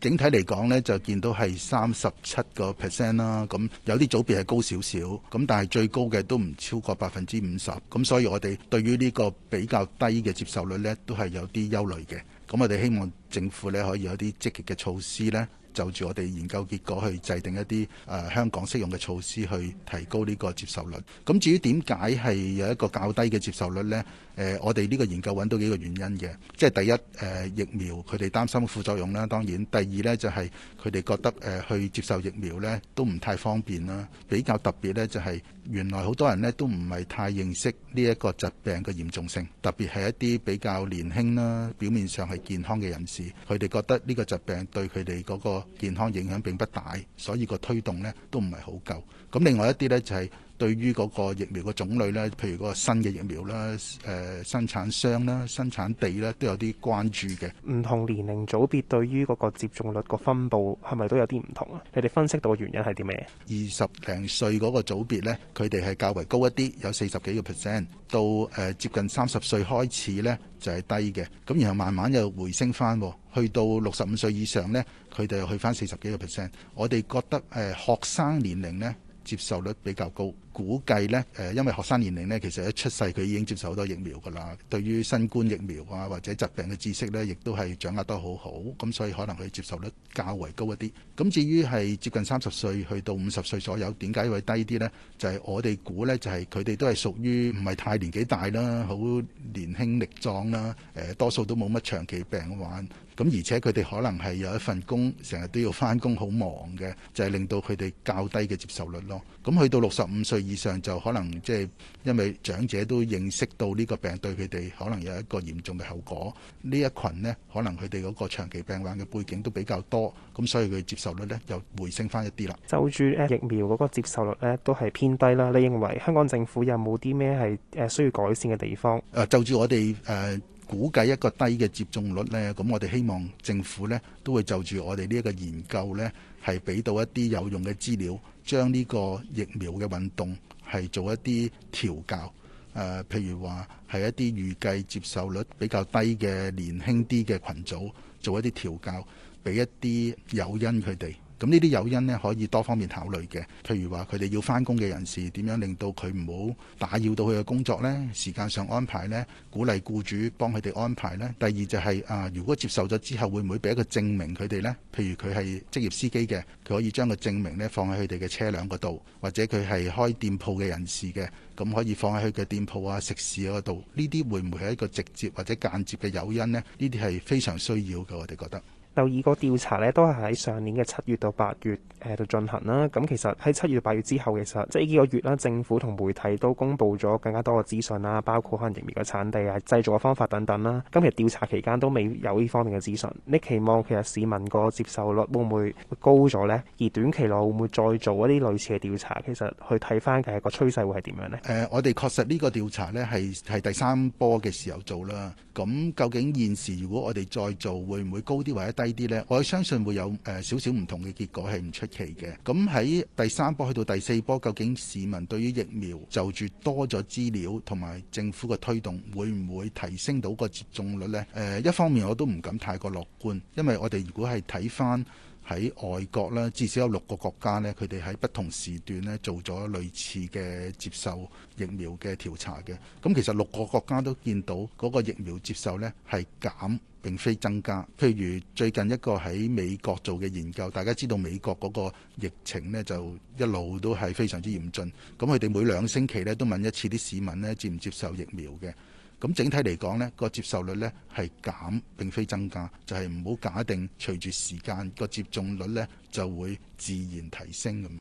整體嚟講呢就見到係三十七個 percent 啦。咁有啲組別係高少少，咁但係最高嘅都唔超過百分之五十。咁所以我哋對於呢個比較低嘅接受率呢，都係有啲憂慮嘅。咁我哋希望政府呢，可以有啲積極嘅措施呢。就住我哋研究結果去制定一啲誒香港適用嘅措施，去提高呢個接受率。咁至於點解係有一個較低嘅接受率呢？誒，我哋呢個研究揾到幾個原因嘅，即係第一誒疫苗佢哋擔心副作用啦，當然第二呢就係佢哋覺得誒去接受疫苗呢都唔太方便啦，比較特別呢就係。原來好多人呢都唔係太認識呢一個疾病嘅嚴重性，特別係一啲比較年輕啦、表面上係健康嘅人士，佢哋覺得呢個疾病對佢哋嗰個健康影響並不大，所以個推動呢都唔係好夠。咁另外一啲呢就係。對於嗰個疫苗嘅種類呢，譬如嗰個新嘅疫苗啦，誒、呃、生產商啦、生產地呢，都有啲關注嘅。唔同年齡組別對於嗰個接種率個分布係咪都有啲唔同啊？你哋分析到嘅原因係啲咩？二十零歲嗰個組別呢，佢哋係較為高一啲，有四十幾個 percent。到誒、呃、接近三十歲開始呢，就係、是、低嘅，咁然後慢慢又回升返，去到六十五歲以上呢，佢哋又去返四十幾個 percent。我哋覺得誒、呃、學生年齡呢，接受率比較高。估計呢，誒，因為學生年齡呢，其實一出世佢已經接受好多疫苗噶啦。對於新冠疫苗啊，或者疾病嘅知識呢，亦都係掌握得好好。咁所以可能佢接受率較為高一啲。咁至於係接近三十歲去到五十歲左右，點解會低啲呢？就係我哋估呢，就係佢哋都係屬於唔係太年紀大啦，好年輕力壯啦。誒，多數都冇乜長期病患。咁而且佢哋可能係有一份工，成日都要返工，好忙嘅，就係令到佢哋較低嘅接受率咯。咁去到六十五歲。以上就可能即係因為長者都認識到呢個病對佢哋可能有一個嚴重嘅後果，呢一羣咧可能佢哋嗰個長期病患嘅背景都比較多，咁所以佢接受率咧又回升翻一啲啦。就住疫苗嗰個接受率咧都係偏低啦。你認為香港政府有冇啲咩係誒需要改善嘅地方？誒，就住我哋誒估計一個低嘅接種率咧，咁我哋希望政府咧都會就住我哋呢一個研究咧係俾到一啲有用嘅資料。將呢個疫苗嘅運動係做一啲調教，誒、呃，譬如話係一啲預計接受率比較低嘅年輕啲嘅群組，做一啲調教，俾一啲誘因佢哋。咁呢啲誘因呢，可以多方面考慮嘅，譬如話佢哋要返工嘅人士點樣令到佢唔好打擾到佢嘅工作呢？時間上安排呢？鼓勵僱主幫佢哋安排呢？第二就係、是、啊，如果接受咗之後，會唔會俾一個證明佢哋呢？譬如佢係職業司機嘅，佢可以將個證明呢放喺佢哋嘅車輛嗰度，或者佢係開店鋪嘅人士嘅，咁可以放喺佢嘅店鋪啊食肆嗰度。呢啲會唔會係一個直接或者間接嘅誘因呢？呢啲係非常需要嘅，我哋覺得。就以個調查咧，都係喺上年嘅七月到八月誒度進行啦。咁其實喺七月八月之後，其實即係呢幾個月啦，政府同媒體都公布咗更加多嘅資訊啦，包括可能疫苗嘅產地啊、製造嘅方法等等啦。咁其實調查期間都未有呢方面嘅資訊。你期望其實市民個接受率會唔會高咗呢？而短期內會唔會再做一啲類似嘅調查？其實去睇翻嘅個趨勢會係點樣呢？誒、呃，我哋確實呢個調查呢，係係第三波嘅時候做啦。咁究竟現時如果我哋再做，會唔會高啲或者低？呢啲呢，我相信會有誒少少唔同嘅結果係唔出奇嘅。咁喺第三波去到第四波，究竟市民對於疫苗就住多咗資料同埋政府嘅推動，會唔會提升到個接種率呢？誒、呃，一方面我都唔敢太過樂觀，因為我哋如果係睇返，喺外國咧，至少有六個國家呢佢哋喺不同時段呢做咗類似嘅接受疫苗嘅調查嘅。咁其實六個國家都見到嗰個疫苗接受呢係減，並非增加。譬如最近一個喺美國做嘅研究，大家知道美國嗰個疫情呢就一路都係非常之嚴峻。咁佢哋每兩星期呢都問一次啲市民呢接唔接受疫苗嘅。咁整體嚟講咧，個接受率咧係減，並非增加，就係唔好假定隨住時間個接種率咧就會自然提升咁。